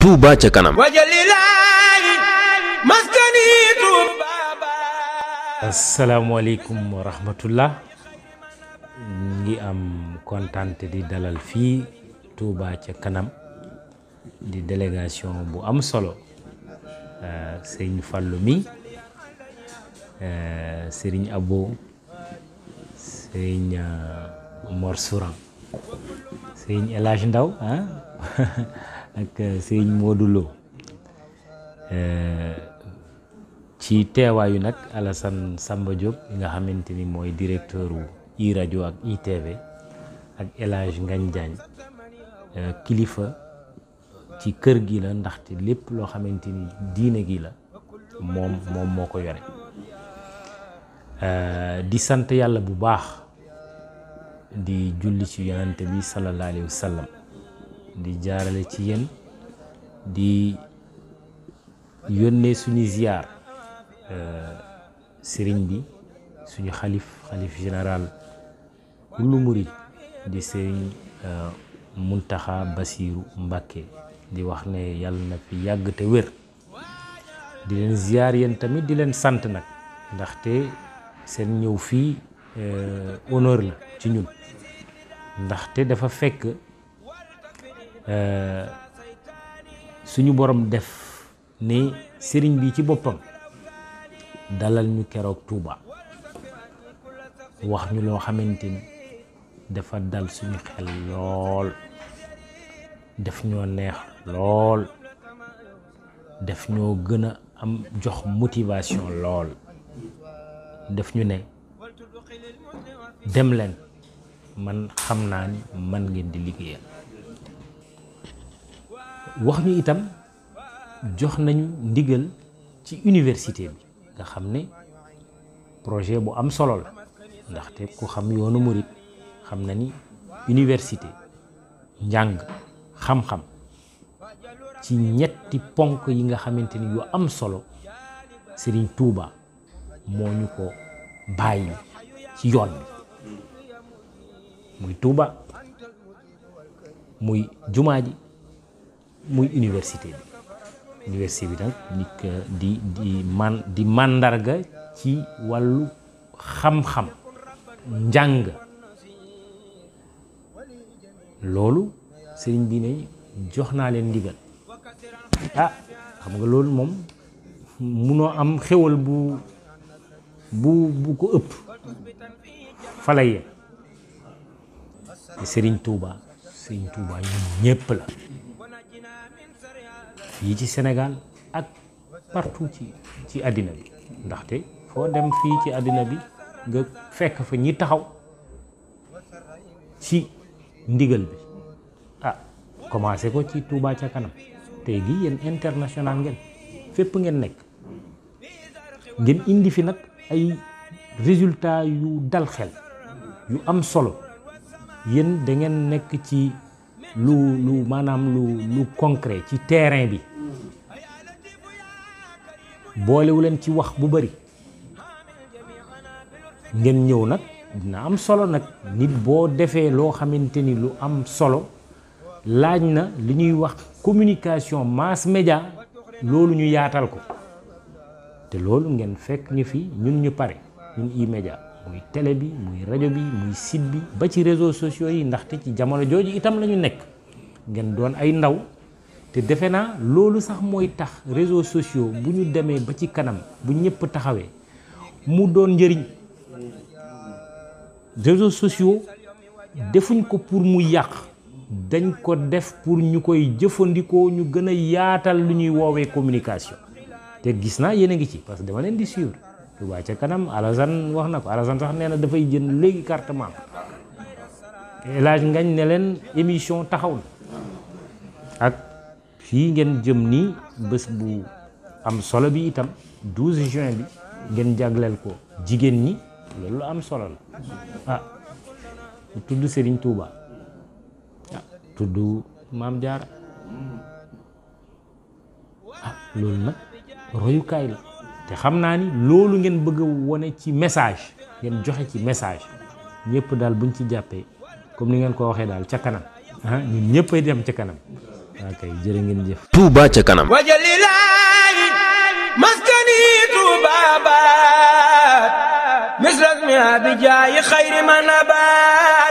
Touba ca kanam wajalilaahi maskani Touba asalaamaaleykum wa rahmatullah ngi am kontaan di dalal fii Touba ca kanam di délégation bu am solo euh, sëñ Fàllu mi euh, sëriñ Abo sëriñ euh, Mor sëriñ El Ndaw ah, ak eh, sëriñ mooduloo eh, ci teewaayu nag Alassane Samba Diop nga xamante ni mooy directeur i rajo ak ITV ak El Hadj Ngagne eh, kilifa ci kër gi la ndaxte lépp loo xamante diine gi la moom moom moo ko yore di sant yàlla bu baax di julli ci yonante bi sallallahu alayhi wa di jaarale ci yéen di yónnee suñu ziyaar euh, sëriñ bi suñu xalif xalif général kullu murid di sëriñ euh, Muntaxa Basiiru Mbàkke di wax ne yàlla na fi yàgg te wér di leen ziyaar yéen tamit di leen sant nag ndaxte seen ñëw fii Euh, honneur la ci ñun ndaxte dafa fekk euh, suñu borom def ni sëriñ bi ci boppam dalal ñu keroog Touba wax ñu loo xamante dafa dal suñu xel lool def ñoo neex lool def ñoo gën a am jox motivation lool def ñu ne dem man xam naa ni man ngeen di liggéeyal wax ñu itam jox nañu ndigal ci université bi nga xam ne projet bu am solo la ndaxte ku xam yoonu murit xam na ni université njàng xam-xam ci ñetti ponk yi nga xamante ni yu am solo Serigne Touba moo ñu ko bàyyi ci yoon bi muy tuuba muy jumaa ji muy université bi université bi nag di di di màndarga ci wàllu xam-xam njàng loolu sëriñ bi ne jox naa leen ndigal ah xam nga loolu moom munoo am xéwal bu bu bu ko ëpp fa la Serigne Touba Serigne Touba ñun ñëpp la fii ci senegaal ak partout ci ci àddina bi ndaxte foo dem fii ci àddina bi nga fekk fa ñi taxaw ci ndigal bi ah commencé ko ci Touba ca kanam te gi yéen international ngeen fépp ngeen nekk ngeen indi fi nag ay résultat yu dal xel yu am solo. yéen dangeen nekk ci lu lu maanaam lu lu concret ci terrain bi boolewu leen ci wax bu bari ngeen ñëw nag dina am solo nag nit boo defee loo xamante ni lu am solo laaj na li ñuy wax communication mass média loolu ñu yaatal ko te loolu ngeen fekk ñu fi ñun ñu pare ñun E-Media muy télé bi muy rajo bi muy site bi ba ci réseau sociaux yi ndaxte ci jamono jooju itam la ñu nekk ngeen doon ay ndaw te defe naa loolu sax mooy tax réseau sociaux bu ñu demee ba ci kanam bu ñëpp taxawee mu doon njëriñ réseaux sociaux defuñ ko pour mu yàq dañ ko def pour ñu koy jëfandikoo ñu gën a yaatal lu ñuy woowee communication te gis naa yéen a ngi ci parce que dama leen di suivre Touba ca kanam Alassane wax na ko Alassane sax nee na dafay jën léegi carte membre El ngañ Ngagne ne leen émission taxaw na ak fii ngeen jëm nii bës bu am solo bi itam 12 juin bi ngeen jagleel ko jigéen ñi loolu lu am solo la ah tudd Serigne Touba ah tudd Maam Jaara ah loolu nag royukaay la. xam naa ni loolu ngeen bëgg wone ci message ngeen joxe ci message ñëpp daal buñ ci jàppee comme ni ngeen ko waxee daal ca kanam ah ñun ñëppay dem ca kanam waa kay jërë ngeen jëf Touba ca kanam wajalilaayi maskani Touba baat misras mi abijaayi xayri manabaat